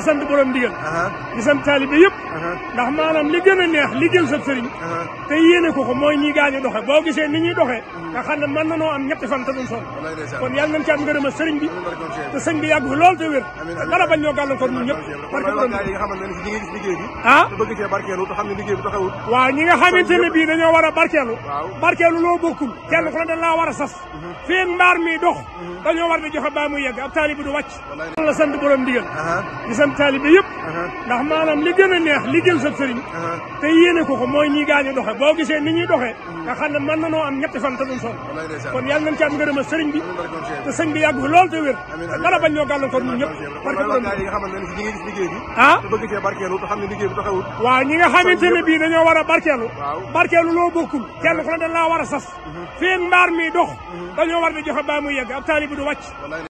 la sant borom ndigal di sant taalibe yëpp ndax maanaam li gën a neex liggéeyal sa sëriñ te yéene ko ko mooy ñi gaañu doxe boo gisee ni ñuy doxee nga xam ne mën na noo am ñetti fan te duñ sonn kon yàlla nañ ci am ngërëm a sëriñ bi te sëñ bi lool te wér te dara bañ ñoo gàllankoor ñun ñëpp barke borom yi ngi gis a a mboolem taalibe yëpp uh-huh. ndax maanaam li gën a neex liggéeyal sa sëriñ uh-huh. te yéene ko ko mooy nii gaañu doxe boo gisee ni ñuy doxee uh-huh. nga xam ne mën na am ñetti fan te duñ kon yàlla nañ ci ngërëm a sëriñ bi te sëñ bi yàgg fi lool te wér bañ ñoo gàllankoor ñun ñëpp ah waaw ñi nga xamante ne dañoo war a barkeelu barkeelu loo bokkul kenn ku ne dañ laa war a sas fii mbaar mi dox dañoo war di joxe baa muy yegg ab taalibe du wàcc